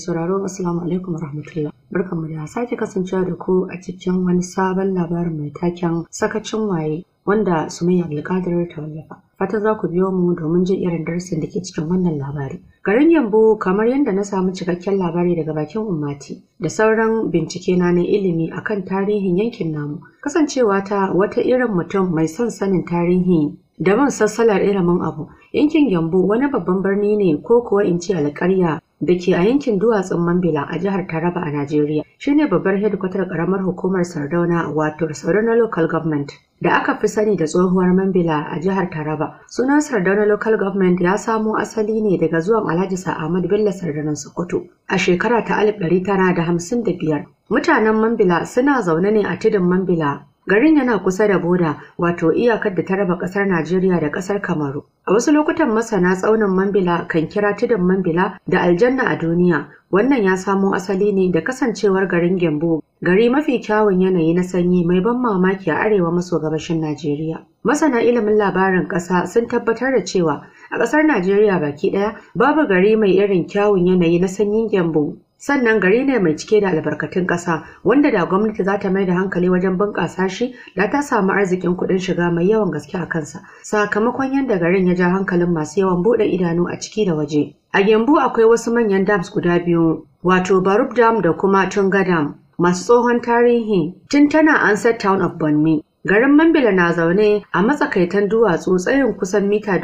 sauraro assalamu alaikum warahmatullah barkanmu da sake kasancewa da ku a cikin wani sabon labarin mai taken sakacin waye wanda Sumayya Alƙadar ta wallafa. Fata za ku biyo mu domin jin irin darasin da ke cikin wannan labari. Garin Yambo kamar yadda na samu cikakken labari daga bakin Ummati da sauran bincike na na ilimi akan tarihin yankin namu. Kasancewa ta wata irin mutum mai son sanin tarihi da man sassalar ilimin abu. Yankin Yambo wani babban birni ne ko kuwa in ce alƙarya da ke a yankin duwatsun Mambila a jihar Taraba a Najeriya shi ne babbar hedikwatar karamar hukumar Sardauna wato Sardauna Local Government da aka fi sani da tsohuwar Mambila a jihar Taraba. Sunan Sardauna Local Government ya samo asali ne daga zuwan Alhaji Sa'amad Bello Sardaunan Sokoto a shekara ta 1955. Mutanen Mambila suna zaune ne a tudun Mambila Garin yana kusa da boda, wato iyakar da ta raba kasar Najeriya da kasar Kamaru. A wasu lokutan masana tsaunin Mambila kan kira tudun Mambila da aljanna a duniya. Wannan ya samo asali ne da kasancewar garin Gembu, gari mafi kyawun yanayi na sanyi mai ban mamaki a arewa maso gabashin Najeriya. Masana ilimin labarin ƙasa sun tabbatar da cewa a ƙasar Najeriya baki ɗaya babu gari mai irin kyawun yanayi na sanyin Gembu sannan gari ne mai cike da albarkatun ƙasa wanda da gwamnati za ta mai da hankali wajen bunƙasa shi da ta samu arzikin kuɗin shiga mai yawan gaske a kansa sakamakon yadda garin ya ja hankalin masu yawan buɗe idanu a ciki da waje a gembu akwai wasu manyan dams guda biyu wato barub dam da kuma tunga dam masu tsohon tarihi tun tana ansar town of Bonny Garin Mambila na zaune a matsakaitan duwatsu tsayin kusan mita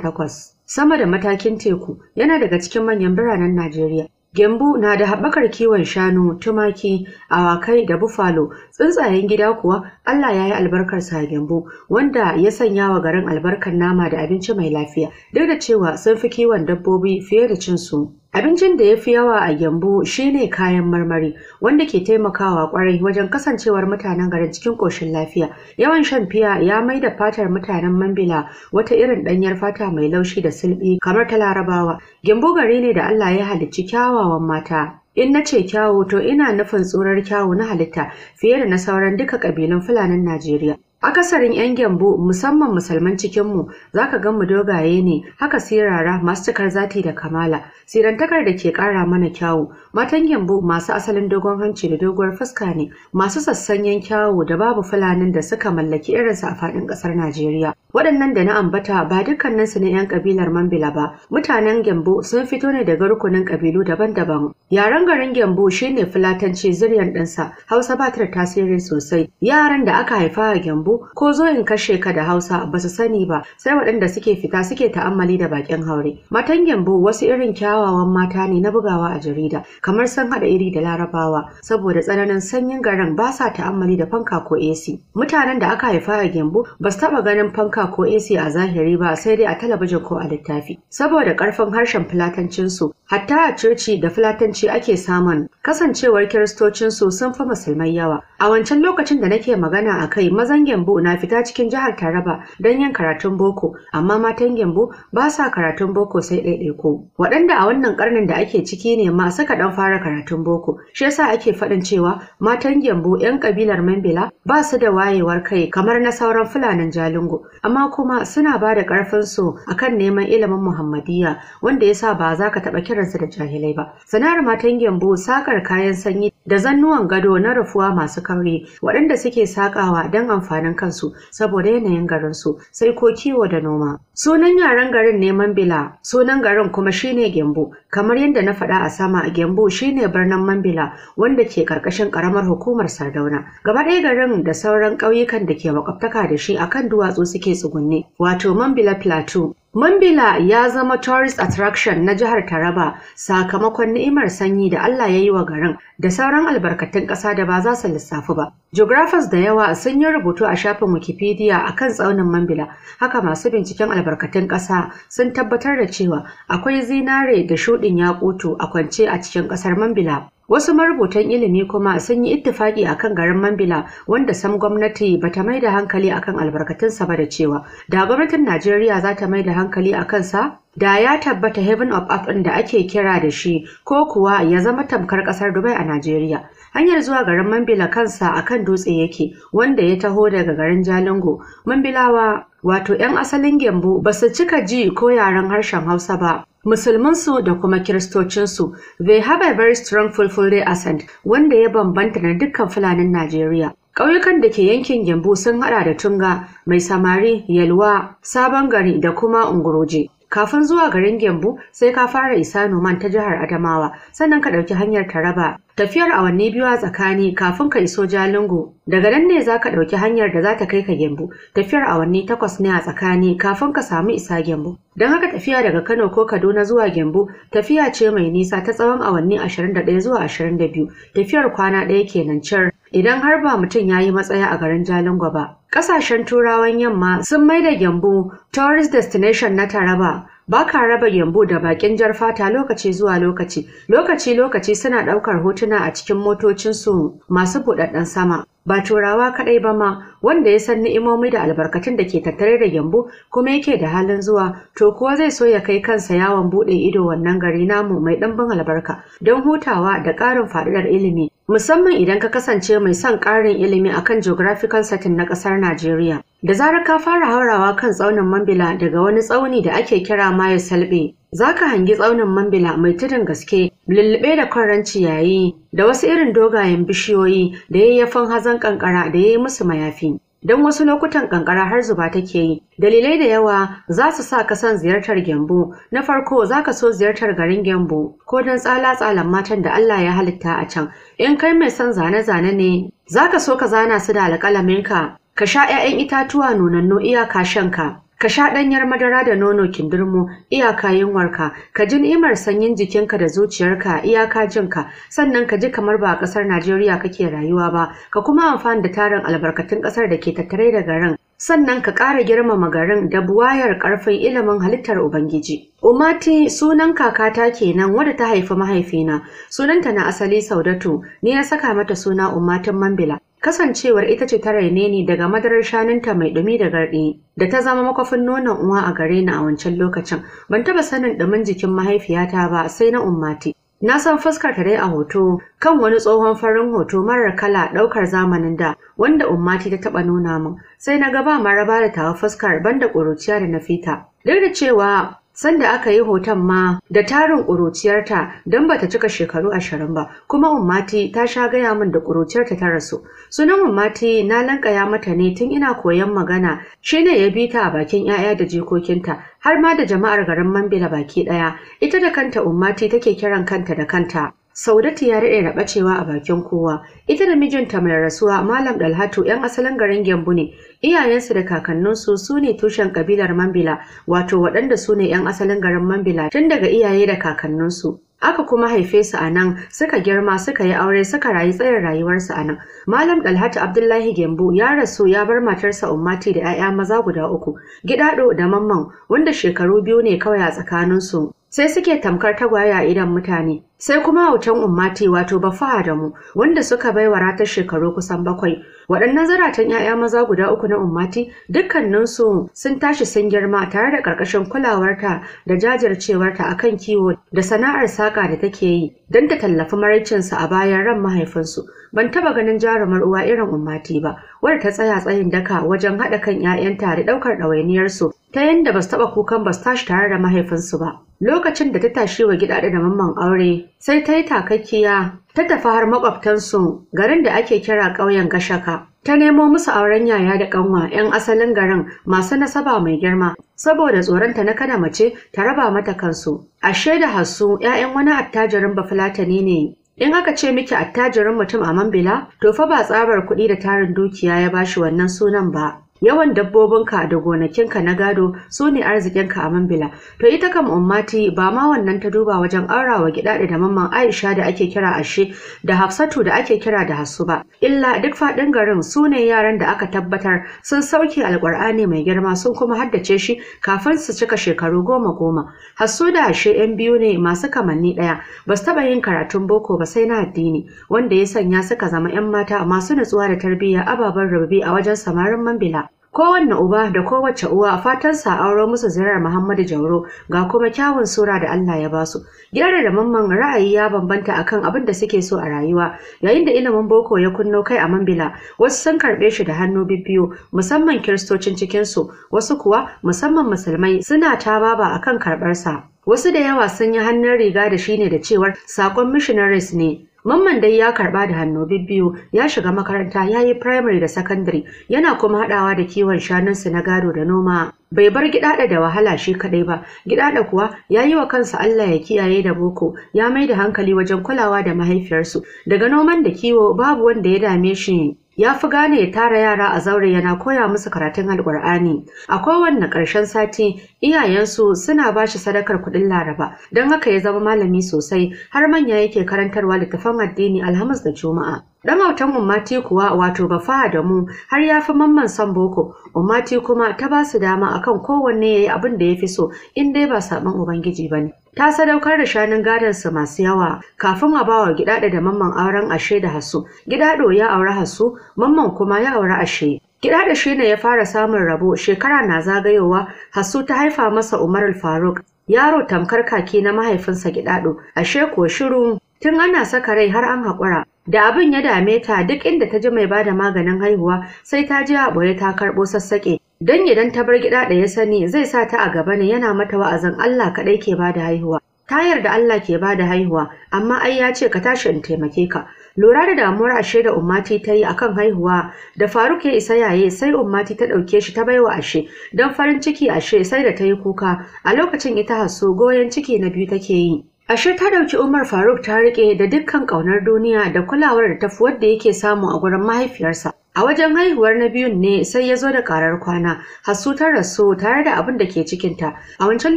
takwas. sama da matakin teku yana daga cikin manyan biranen Najeriya. Gembu na da haɓakar kiwon shanu, tumaki, awakai da bufalo, tsuntsayen gida kuwa Allah ya yi albarkar sa Gembu wanda ya sanya wa garin albarkar nama da abinci mai lafiya, duk da cewa sun fi kiwon dabbobi fiye da cin su. Abincin da ya fi yawa a Gyambu shi ne kayan marmari, wanda ke taimakawa kwarai wajen kasancewar mutanen garin cikin ƙoshin lafiya. Yawan shan fiya ya mai da fatar mutanen Mambila wata irin ɗanyar fata mai laushi da silɓi kamar ta Larabawa. Gyambo gari ne da Allah ya halicci kyawawan mata. In na ce kyawu to ina nufin tsurar kyawu na halitta fiye da na sauran duka ƙabilun Fulanin Najeriya. akasarin 'yan gyambo musamman musulman cikinmu za ka gan mu dogaye ne haka sirara masu cikar zati da kamala sirantakar da ke ƙara mana kyawu matan gyambo masu asalin dogon hanci da doguwar fuska ne masu sassanyen kyawu da babu fulanin da suka mallaki irinsu a faɗin ƙasar najeriya waɗannan da na ambata ba dukkaninsu ne 'yan ƙabilar mambila ba mutanen gyambo sun fito ne daga rukunin ƙabilu daban-daban yaren garin gyambo shine fulatanci zuriyar ɗinsa hausa ba ta da tasiri sosai yaran da aka haifa a gyambo gambo ko zo kashe ka da hausa ba su sani ba sai waɗanda suke fita suke ta'ammali da bakin haure matan gembu wasu irin kyawawan mata ne na bugawa a jarida kamar san haɗa iri da larabawa saboda tsananin sanyin garin ba sa ta'ammali da fanka ko ac mutanen da aka haifa a gembu ba su taɓa ganin fanka ko ac a zahiri ba sai dai a talabijin ko a littafi saboda ƙarfin harshen fulatancinsu Hatta a coci da Fulatanci ake samun kasancewar kiristocinsu sun fi musulmai yawa. A wancan lokacin da nake magana a kai mazan Gembu na fita cikin jihar Taraba don yin karatun boko, amma matan Gembu ba sa karatun boko sai ko. Waɗanda a wannan ƙarnin da ake ciki ne ma suka ɗan fara karatun boko. Shi yasa ake faɗin cewa matan Gembu 'yan ƙabilar Mambila ba su da wayewar kai kamar na sauran Fulanin Jalingo, amma kuma suna ba da ƙarfinsu akan neman ilimin Muhammadiyya wanda yasa ba za ka taɓa kiransu da jahilai ba. Sana'ar matan gyambo sakar kayan sanyi da zannuwan gado na rufuwa masu kauri waɗanda suke sakawa don amfanin kansu saboda yanayin garin su sai ko kiwo da noma. Sunan yaren garin neman bila, sunan garin kuma shine gyambo. Kamar yadda na faɗa a sama a gyambo shine birnin Mambila wanda ke karkashin karamar hukumar Sardauna. Gaba ɗaya garin da sauran ƙauyukan da ke makwabtaka da shi akan duwatsu suke tsugunne, wato Mambila Plateau. Mambila ya zama tourist attraction na jihar Taraba sakamakon ni'imar sanyi da Allah ya yi wa garin da sauran albarkatun ƙasa da ba za su lissafi ba. Geographers da yawa sun yi rubutu a shafin Wikipedia a kan tsaunin Mambila, haka masu binciken albarkatun ƙasa sun tabbatar da cewa akwai zinare da shuɗin yakutu a kwance a cikin ƙasar Mambila. Wasu marubutan ilimi kuma sun yi ittifaki akan garin Mambila wanda sam gwamnati bata mai da hankali akan albarkatunsa ba da cewa da gwamnatin Najeriya za ta mai da hankali akan sa da ya tabbata Heaven of Earth da ake kira da shi ko kuwa ya zama tamkar kasar Dubai a Najeriya. Hanyar zuwa garin Mambila kansa a kan dutse yake wanda ya taho daga garin Jalingo. Mambilawa wato 'yan asalin Gembu ba su cika ji ko yaren harshen Hausa ba. Musulminsu da kuma Kiristocinsu, they have a very strong Fulfulde accent wanda ya bambanta na dukkan Fulanin Najeriya. Ƙauyukan da ke yankin Gembu sun haɗa da Tunga, Mai Samari, Yalwa, Sabon Gari da kuma Unguroje. Kafin zuwa garin Gembu sai ka fara isa Noman ta jihar Adamawa sannan ka ɗauki hanyar Taraba. Tafiyar awanni biyu a tsakani kafin ka iso Jalingo. Daga nan ne za ka ɗauki hanyar da za ta kai ka Gembu. Tafiyar awanni takwas ne a tsakani kafin ka samu isa Gembu. Don haka tafiya daga Kano ko Kaduna zuwa Gembu tafiya ce mai nisa ta tsawon awanni 21 zuwa 22. Tafiyar kwana ɗaya kenan cer Idan har ba mutum ya yi matsaya a garin Jalingo ba. Ƙasashen Turawan Yamma sun mai da Gyambu tourist destination na Taraba. Ba ka raba gyambu da bakin jar fata lokaci zuwa lokaci. Lokaci-lokaci suna ɗaukar hotuna a cikin motocinsu masu buɗaɗɗen sama. Ba turawa kaɗai ba ma wanda ya san ni'imomi da albarkatun da ke tattare da gyambu kuma yake da halin zuwa to kuwa zai so ya kai kansa yawon buɗe ido wannan gari namu mai ɗimbin albarka don hutawa da ƙarin faɗuɗar ilimi musamman idan ka kasance mai son ƙarin ilimi a kan geographical setting na ƙasar Najeriya. Da zarar ka fara haurawa kan tsaunin Mambila daga wani tsauni da ake kira Mayo Salbe, za ka hangi tsaunin Mambila mai tudun gaske, lullube da kwarren ciyayi, da wasu irin dogayen bishiyoyi da yayyafan hazan kankara da ya yi musu mayafi. don wasu lokutan kankara har zuba take yi dalilai da yawa za su sa ka son ziyartar Gembu, na farko za ka so ziyartar garin Gembu, ko don tsala-tsalan matan da Allah ya halitta a can in kai mai son zane-zane ne za ka so ka zana su da alƙalaminka ka sha 'ya'yan itatuwa nunannu iyaka shanka Ka sha ɗanyar madara da nono kindirmo iyaka yunwarka, ka ji ni'imar sanyin jikinka da zuciyarka iyaka jinka, sannan ka ji kamar ba a ƙasar Najeriya kake rayuwa ba, ka kuma amfani da tarin albarkatun ƙasar da ke tattare da garin. Sannan ka ƙara girmama garin da buwayar ƙarfin ilimin halittar Ubangiji. Umati sunan kakata kenan wadda ta haifi mahaifina, sunanta na asali Saudatu, ni na saka mata suna Umatin Mambila. Kasancewar ita ce ta raine ni daga madarar shanunta mai ɗumi da garɗi da ta zama makwafin nonon uwa a gare ni a wancan lokacin. Ban taɓa sanin ɗumin jikin mahaifiyata ba sai na ummati. Na san fuskar ta dai a hoto kan wani tsohon farin hoto marar kala ɗaukar zamanin da wanda ummati ta taɓa nuna min sai na ga ba maraba da tawa fuskar banda ƙuruciya da na fita. Duk da cewa Sanda aka yi hoton ma da tarin ƙuruciyarta don ba ta cika shekaru ashirin ba, kuma Ummati ta sha gaya min da ƙuruciyarta ta rasu. Sunan Ummati na lankaya mata ne tun ina koyon magana, shine ya bi ta a bakin 'ya'ya da jikokinta, har ma da jama'ar garin Mambila baki ɗaya, ita da kanta Ummati take kiran kanta da kanta. Saudatu ya daɗe da ɓacewa a bakin kowa. Ita da mijinta mai rasuwa Malam Dalhatu ‘yan asalin garin Gembu ne, iyayensu da kakanninsu su ne tushen kabilar Mambila, wato waɗanda su ne ‘yan asalin garin Mambila tun daga iyaye da kakanninsu. Aka kuma haife su a nan, suka girma, suka yi aure, suka rayu tsayar rayuwarsu a nan. Malam Dalhatu Abdullahi Gembu ya rasu ya bar matarsa Ummati da 'ya'ya maza guda uku, Gidado da Mamman, wanda shekaru biyu ne kawai a tsakaninsu. Sai suke tamkar tagwaye a idan mutane. sai kuma autan ummati wato bafa da wanda suka bai wa ratar shekaru kusan bakwai waɗannan zaratan 'ya'ya maza guda uku na ummati dukkaninsu sun tashi sun girma tare da ƙarƙashin kulawarta da jajircewarta a kan kiwo da sana'ar saƙa da take yi don ta tallafi maraicinsu a bayan ran mahaifinsu ban taɓa ganin jarumar uwa irin ummati ba wadda ta tsaya tsayin daka wajen haɗa kan 'ya'yanta da ɗaukar ɗawainiyarsu ta yadda ba su taɓa kukan ba su tashi tare da mahaifinsu ba lokacin da ta tashi wa gida da mamman aure sai ta yi takakkiya ta tafi har makwabtansu garin da ake kira ƙauyen gashaka ta nemo musu auren yaya da ƙanwa 'yan asalin garin masu nasaba mai girma saboda tsoronta na kada mace ta raba mata kansu ashe da hasu, 'ya'yan wani attajirin bafulatani ne in aka ce miki attajirin mutum a mambila to fa ba tsabar kuɗi da tarin dukiya ya bashi wannan sunan ba Yawan dabbobinka da gonakinka na gado su ne arzikinka a Mambila. To ita kam ummati ba ma wannan ta duba wajen wa gida da mamman Aisha da ake kira Ashe da Hafsatu da ake kira da Hassu ba. Illa duk faɗin garin su ne yaran da aka tabbatar sun sauke Alƙur'ani mai girma sun kuma haddace shi kafin su cika shekaru goma goma. Hasu da Ashe 'yan biyu ne masu kamanni ɗaya ba su taɓa yin karatun boko ba sai na addini wanda ya sanya suka zama 'yan mata masu nutsuwa da tarbiyya ababen rabi a wajen samarin Mambila. Kowanne uba da kowace uwa fatansa a auro musu ziyarar Muhammadu Jauro ga kuma kyawun sura da Allah ya basu. Gidan da mamman ra'ayi ya bambanta akan abin da suke so a rayuwa. Yayin da ilimin boko ya kunno kai a Mambila, wasu sun karɓe shi da hannu bibiyo musamman kiristocin cikinsu, wasu kuwa musamman musulmai suna ta baba akan karɓarsa. Wasu da yawa sun yi hannun riga da shi ne da cewar saƙon missionaries ne. Mamman dai ya karba da hannu bibbiyu, ya shiga makaranta, ya yi primary da secondary, yana kuma haɗawa da kiwon shanunsu na gado da noma. Bai bar gidaɗa da wahala shi kaɗai ba, gidaɗa kuwa ya yi wa kansa Allah ya kiyaye da boko, ya mai da hankali wajen kulawa da mahaifiyarsu. Daga noman da kiwo babu wanda ya dame shi ya fi gane ya tara yara a zaure yana koya musu karatun alkur'ani a kowanne ƙarshen sati iyayensu suna ba shi sadakar kuɗin laraba don haka ya zama malami sosai har manya yake karantarwa littafan addini alhamis da juma'a dan autan ummati kuwa wato bafa da mu har ya fi mamman son boko ummati kuma ta ba su dama akan kowanne ya yi abin da ya fi so in dai ba saɓin ubangiji ba ne ta sadaukar da shanun gadonsa masu yawa kafin a bawa gidado da mamman auren ashe da hasu gidado ya aure hasu mamman kuma ya aure ashe Gida da shi ne ya fara samun rabo shekara na zagayowa Hasu ta haifa masa Umar Faruk yaro tamkar kaki na mahaifinsa Gidado ashe ko shiru tun ana saka rai har an haƙura da abin ya dame ta duk inda ta ji mai bada maganin haihuwa sai ta ji a ɓoye ta karɓo sassaƙe Don idan ta bar gida da ya sani zai sa ta a gaba ne yana mata wa'azin Allah kaɗai ke bada haihuwa. Tayar da Allah ke bada haihuwa, amma ai ya ce ka tashi in taimake ka. Lura da damuwar ashe da ummati ta yi akan haihuwa da Faruk ya isa yaye sai ummati ta ɗauke shi ta baiwa ashe don farin ciki ashe sai da ta yi kuka a lokacin ita hasso goyon ciki na biyu take yi. Ashe ta ɗauki Umar Faruk ta riƙe da dukkan ƙaunar duniya da kulawar da tafi wadda yake samu a gurin mahaifiyarsa. A wajen haihuwar na biyun ne sai ya zo da karar kwana, hasu ta rasu tare da abin da ke cikinta. A wancan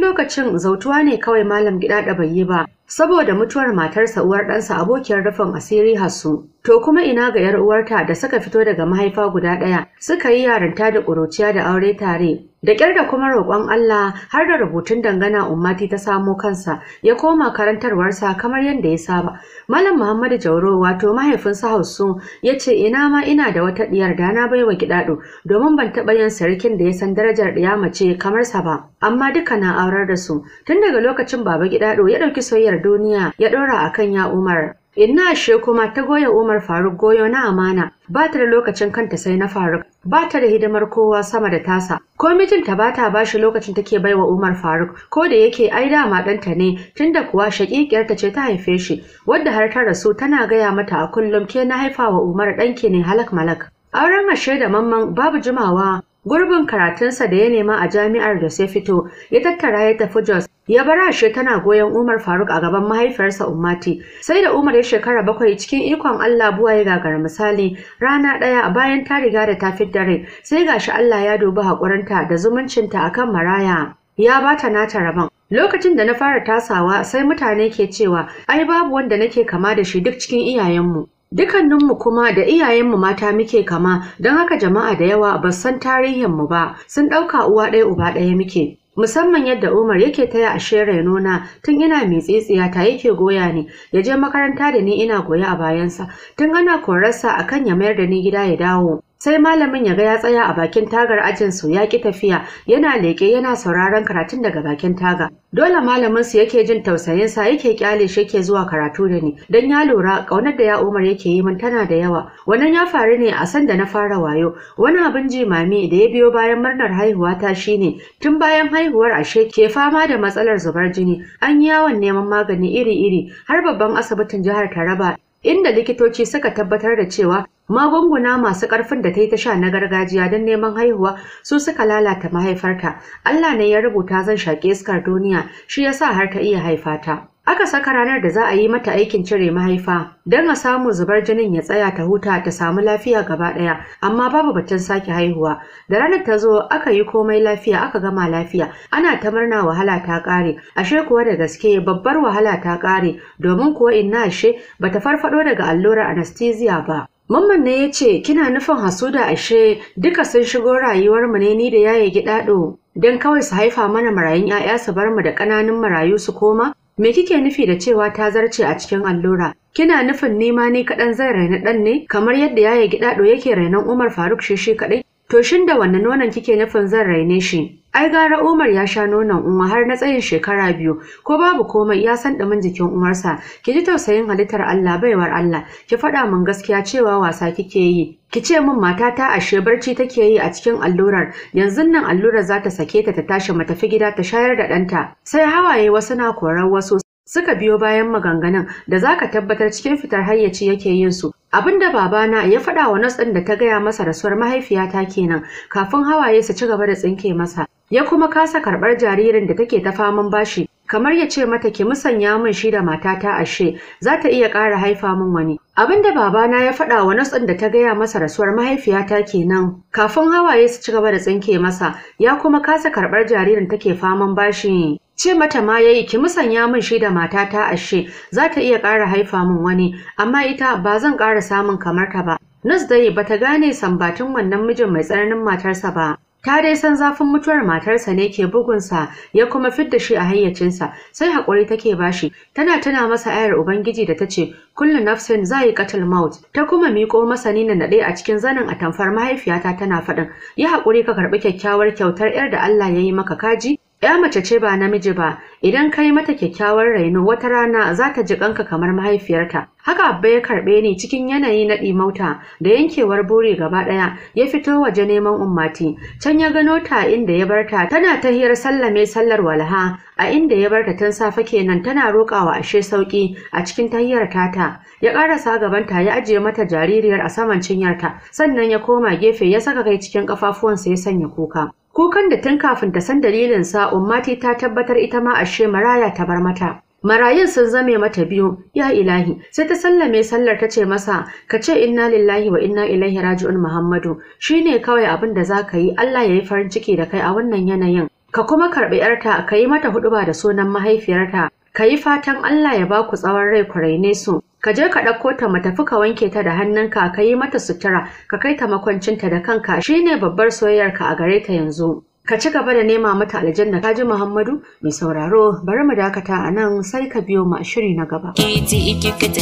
lokacin zautuwa ne kawai malam gida da bai yi ba, Saboda mutuwar matarsa uwar ɗansa abokiyar rufin asiri Hassu, to kuma ina ga ‘yar uwarta da suka fito daga mahaifa guda ɗaya, suka yi yarinta da ƙuruciya da aure tare, Da ƙyar da kuma roƙon Allah har da rubutun dangana ummati ta samo kansa ya koma karantarwarsa kamar yadda ya saba. Malam Muhammadu Jauro wato mahaifinsa Hausu ya ce ina ma ina da wata ɗiyar da na baiwa gidaɗo domin ban taɓa yin sarkin da ya san darajar ɗiya mace kamar sa ba. Amma duka na aurar da su tun daga lokacin baba gidaɗo ya ɗauki soyayyar Duniya ya ɗora a kan ya Umar. Inna ashe kuma ta goya Umar Faruk goyo na amana ba ta da lokacin kanta sai na Faruk ba ta da hidimar kowa sama da tasa ko mijinta ba ta bashi lokacin take bai wa Umar Faruk ko da yake ai dama ɗanta ne tunda kuwa shakikiyar ce ta haife shi wadda har ta rasu tana gaya mata a kullum ke na haifa wa Umar ɗanki ne halak malak auren ashe da mamman babu jimawa Gurbin karatunsa da ya nema a jami'ar da sai fito ya tattara ya tafi Jos ya bara shi tana goyon Umar Faruk a gaban mahaifiyarsa Ummati sai da Umar ya shekara bakwai cikin ikon Allah buwa ya gagara misali rana ɗaya bayan ta riga da ta rai, sai gashi Allah ya dubi haƙurinta da zumuncinta akan maraya ya ba ta nata rabon Lokacin da na fara tasawa sai mutane ke cewa ai babu wanda nake kama da shi duk cikin iyayenmu. Dukanninmu kuma da iyayenmu mata muke kama, don haka jama'a da yawa ba san tarihinmu ba, sun ɗauka uwa ɗaya uba ɗaya muke. Musamman yadda Umar yake taya ashe rainona tun ina mai tsitsiya ta yake goya ni, ya je makaranta da ni ina goya a bayansa, tun ana korarsa akan ya mayar da ni gida ya dawo. sai malamin ya ga ya tsaya a bakin tagar ajin su ya ki tafiya yana leƙe yana sauraron karatun daga bakin taga dole malamin su yake jin tausayin sa yake kyale shi yake zuwa karatu da ni Don ya lura ƙaunar da ya Umar yake yi min tana da yawa wannan ya faru ne a san da na fara wayo wani abin jimami da ya biyo bayan murnar haihuwa ta shine tun bayan haihuwar ashe ke fama da matsalar zubar jini an yi yawon neman magani iri-iri har babban asibitin jihar Taraba inda likitoci suka tabbatar da cewa magunguna masu ƙarfin da ta yi ta sha na gargajiya don neman haihuwa su suka lalata mahaifarta Allah ne ya rubuta zan shaƙi iskar duniya shi ya sa har ta iya haifata aka saka ranar da za a yi mata aikin cire mahaifa don a samu zubar jinin ya tsaya ta huta ta samu lafiya gaba ɗaya amma babu batun sake haihuwa da ranar ta zo aka yi komai lafiya aka gama lafiya ana ta murna wahala ta ƙare ashe kuwa da gaske babbar wahala ta ƙare domin kuwa inna ashe bata farfaɗo daga allurar anesthesia ba Mamman ne ya ce, Kina nufin hasuda ashe duka sun shigo rayuwarmu ne ni da yaye gidaɗo, don kawai su haifa mana marayun ‘ya'ya su bar mu da ƙananun marayu su koma? Me kike nufi da cewa ta zarce a cikin allura? Kina nufin ma ni kaɗan zai raina ɗan ne, kamar yadda yaye gidaɗo yake rainon Umar Faruk shi shi kaɗai? To shin da wanne nonon kike nufin zan raine shi? Ai gara Umar ya sha nonon uwa har na tsayin shekara biyu, ko babu komai ya san ɗumin jikin uwarsa. Ki ji tausayin halittar Allah baiwar Allah, ki faɗa min gaskiya cewa wasa kike yi. Ki ce min matata ashe barci take yi a cikin allurar, Yanzun nan allurar za ta sake ta ta tashi tafi gida ta shayar da ɗanta. Sai hawaye wasu na korar wasu suka biyo bayan maganganun da za ka tabbatar cikin fitar hayyaci yake yin su abinda babana ya faɗa wa nas ɗin da ta gaya masa rasuwar mahaifiyata kenan kafin hawaye su ci gaba da tsinke masa ya kuma kasa karɓar jaririn da take ta faman bashi kamar ya ce mata ki musanya min shi da matata ashe za ta iya ƙara haifa min wani abinda babana ya faɗa wa nas ɗin da ta gaya masa rasuwar mahaifiyata kenan kafin hawaye su ci gaba da tsinke masa ya kuma kasa karɓar jaririn take faman bashi ce mata ma yayi ki musanya min shi da matata ashe za ta iya ƙara haifa min wani amma ita ba zan ƙara samun kamar ta ba nas dai ta gane sambatin wannan mijin mai tsananin matarsa ba ta dai san zafin mutuwar matarsa ne ke bugunsa ya kuma fidda shi a hayyacinsa sai haƙuri take bashi tana tuna masa ayar ubangiji da ta ce Kullum nafsin za yi katil maut ta kuma miƙo masa ni naɗe a cikin zanin atamfar mahaifiyata tana faɗin yi haƙuri ka karɓi kyakkyawar kyautar yar da Allah ya yi maka kaji Ya mace ce ba namiji ba, idan ka yi mata kyakkyawar raino wata rana za ta ji ƙanka kamar mahaifiyarta. Haka Abba ya karɓe ni cikin yanayi na ɗimauta da yankewar buri gaba ɗaya ya fito waje neman ummati. Can ya gano ta inda ya barta tana ta hiyar sallame sallar walha a inda ya barta tun safe kenan tana roƙawa ashe sauƙi a cikin tahiyar tata. Ya ƙarasa gabanta ya ajiye mata jaririyar a saman cinyarta sannan ya koma gefe ya saka kai cikin ƙafafuwansa ya sanya kuka. Kukan da tun kafin ta san dalilin sa ummati ta tabbatar ita ma ashe maraya ta bar mata. Marayun sun zame mata biyu, ya ilahi, sai ta sallame sallar ta ce masa, ka ce inna lillahi wa inna ilaihi raji'un Muhammadu, shi ne kawai abin da za ka yi, Allah ya yi farin ciki da kai a wannan yanayin. Ka kuma karɓi ‘yarta, ka yi mata huɗuba da sunan mahaifiyarta, ka yi fatan Allah ya ba ku tsawon rai ku raine su, ka je ka ɗauko ta mu tafi ka wanke ta da hannunka ka yi mata sutura ka kai ta makwancinta da kanka shine babbar soyayyarka a gare ta yanzu ka ci gaba da nema mata aljanna ka ji Muhammadu mai sauraro bari mu dakata a nan sai ka biyo ma shiri na gaba kiti kika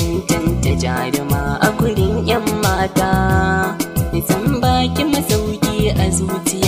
yan mata nisan baki masauki a zuciya